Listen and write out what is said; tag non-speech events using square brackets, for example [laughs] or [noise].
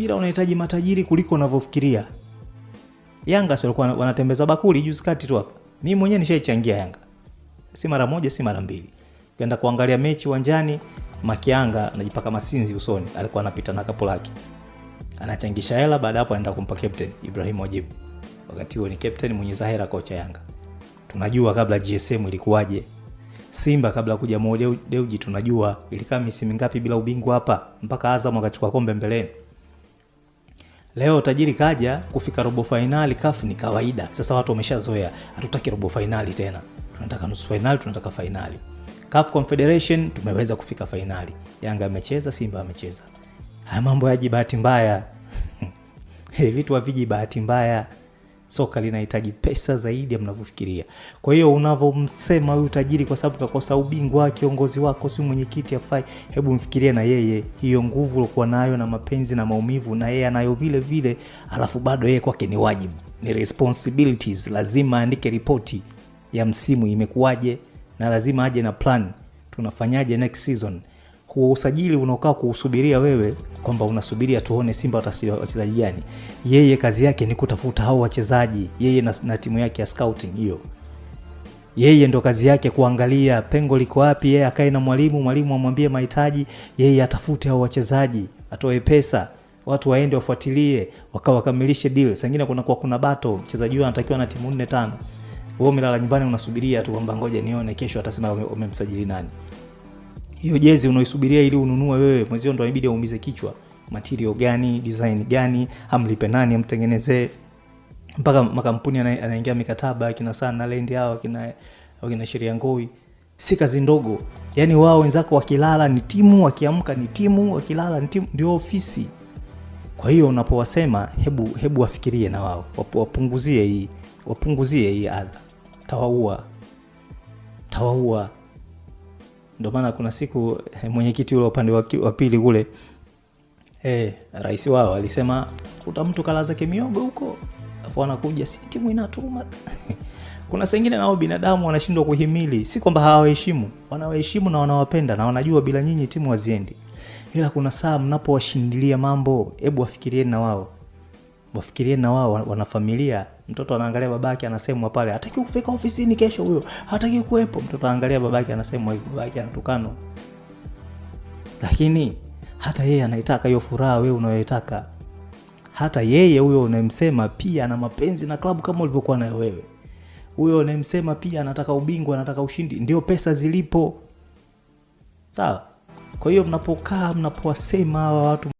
mpira unahitaji matajiri kuliko unavyofikiria. Yanga sio walikuwa wanatembeza bakuli juzi kati tu hapa. Mimi mwenyewe nishaichangia Yanga. Si mara moja, si mara mbili. Kwenda kuangalia mechi uwanjani, Makianga anajipaka masinzi usoni, alikuwa anapita na kapu lake. Anachangisha hela, baada hapo anaenda kumpa captain Ibrahim Wajibu. Wakati huo ni captain mwenye Zahera kocha Yanga. Tunajua kabla GSM ilikuwaje. Simba kabla kuja Mo Dewji tunajua ilikaa misimu ngapi bila ubingwa hapa mpaka Azam akachukua kombe mbeleni. Leo tajiri kaja kufika robo fainali kaf ni kawaida. Sasa watu wameshazoea, hatutaki robo fainali tena, tunataka nusu fainali, tunataka fainali. kaf Confederation tumeweza kufika fainali, Yanga amecheza, Simba amecheza. Haya mambo yaji bahati mbaya [laughs] vitu haviji bahati mbaya soka linahitaji pesa zaidi ya mnavyofikiria. Kwa hiyo unavomsema huyu tajiri kwa sababu kakosa ubingwa, kiongozi wako si mwenyekiti afai, hebu mfikirie na yeye hiyo nguvu uliokuwa nayo na mapenzi na maumivu, na yeye anayo vile vile, alafu bado yeye kwake ni wajibu, ni responsibilities, lazima aandike ripoti ya msimu imekuwaje, na lazima aje na plan, tunafanyaje next season kwa usajili unaokaa kuusubiria wewe kwamba unasubiria tuone Simba wachezaji gani. Yeye kazi yake ni kutafuta hao wachezaji, yeye na, na timu yake ya scouting hiyo. Yeye ndo kazi yake kuangalia pengo liko wapi, yeye akae na mwalimu, mwalimu amwambie mahitaji, yeye atafute hao wachezaji, atoe pesa watu waende wafuatilie wakawakamilishe deal. sangine kuna kwa kuna bato mchezaji huyo anatakiwa na timu nne tano, wewe umelala nyumbani unasubiria tu kwamba ngoja nione kesho atasema wamemsajili nani hiyo jezi unaoisubiria ili ununue wewe, mwenzio ndo inabidi aumize kichwa, material gani, design gani, amlipe nani, amtengenezee mpaka makampuni anaingia mikataba kina sana lendi hawa kina wakina sheria ngoi, si kazi ndogo. Yani wao wenzako wakilala ni timu, wakiamka ni timu, wakilala ni timu, ndio ofisi. Kwa hiyo unapowasema, hebu hebu wafikirie na wao, wapunguzie hii, wapunguzie hii adha, tawaua tawaua ndio maana kuna siku eh, mwenyekiti ule upande wa pili kule eh, rais wao alisema kuta mtu kalaza kimiogo huko, afu anakuja si timu inatuma. [laughs] Kuna sengine nao binadamu wanashindwa kuhimili, si kwamba hawaheshimu, wanawaheshimu na wanawapenda na wanajua bila nyinyi timu haziendi, ila kuna saa mnapowashindilia mambo, hebu wafikirieni na wao, wafikirieni na wao, wana familia Mtoto anaangalia babake anasemwa pale, hataki kufika ofisini kesho, huyo hataki kuwepo. Mtoto anaangalia babake anasemwa hivyo, babake anatukanwa, lakini hata yeye anaitaka hiyo furaha wewe unayoitaka. Hata yeye huyo unayemsema pia ana mapenzi na klabu kama ulivyokuwa nayo wewe. Huyo unayemsema pia anataka ubingwa, anataka ushindi, ndio pesa zilipo. Sawa. Kwa hiyo mnapokaa mnapowasema hawa watu